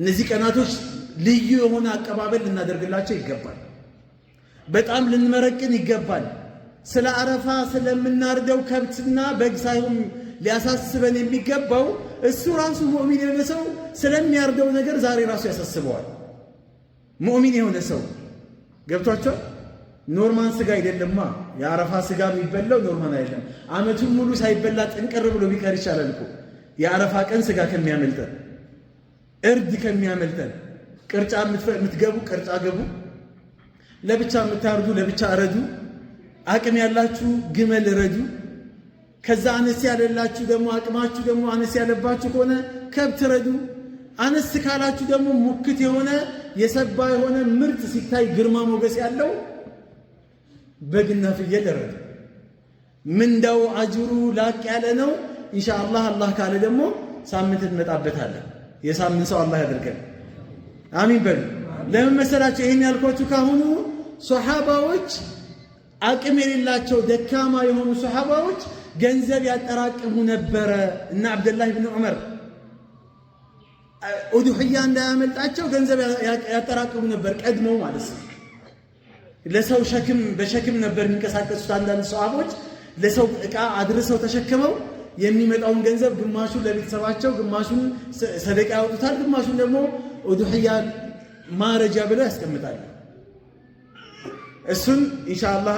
እነዚህ ቀናቶች ልዩ የሆነ አቀባበል ልናደርግላቸው ይገባል። በጣም ልንመረቅን ይገባል። ስለ አረፋ ስለምናርደው ከብትና በግ ሳይሆን ሊያሳስበን የሚገባው እሱ ራሱ ሙእሚን የሆነ ሰው ስለሚያርደው ነገር ዛሬ ራሱ ያሳስበዋል። ሙእሚን የሆነ ሰው ገብቷቸው ኖርማን ስጋ አይደለማ። የአረፋ ስጋ የሚበላው ኖርማን አይደለም። አመቱን ሙሉ ሳይበላ ጥንቅር ብሎ ቢቀር ይቻላል እኮ የአረፋ ቀን ስጋ ከሚያመልጠን እርድ ከሚያመልጠን ቅርጫ የምትገቡ ቅርጫ ገቡ፣ ለብቻ የምታርዱ ለብቻ እረዱ፣ አቅም ያላችሁ ግመል እረዱ። ከዛ አነስ ያለላችሁ ደግሞ አቅማችሁ ደግሞ አነስ ያለባችሁ ከሆነ ከብት እረዱ። አነስ ካላችሁ ደግሞ ሙክት የሆነ የሰባ የሆነ ምርጥ ሲታይ ግርማ ሞገስ ያለው በግና ፍየል እረዱ። ምንዳው አጅሩ ላቅ ያለ ነው። ኢንሻአላህ አላህ ካለ ደግሞ ሳምንት እንመጣበታለን። የሳምን ሰው አላህ ያድርገን። አሚን በሉ። ለምን መሰላችሁ ይህን ያልኳችሁ ካሁኑ ሶሓባዎች አቅም የሌላቸው ደካማ የሆኑ ሶሓባዎች ገንዘብ ያጠራቅሙ ነበረ እና አብደላህ ብን ዑመር ኡዱሕያ እንዳያመልጣቸው ገንዘብ ያጠራቅሙ ነበር፣ ቀድመው ማለት ነው። ለሰው ሸክም በሸክም ነበር የሚንቀሳቀሱት። አንዳንድ ሰዋቦች ለሰው ዕቃ አድርሰው ተሸክመው የሚመጣውን ገንዘብ ግማሹን ለቤተሰባቸው፣ ግማሹን ሰደቃ ያወጡታል፣ ግማሹን ደግሞ ኡድሕያ ማረጃ ብለው ያስቀምጣል። እሱን ኢንሻአላህ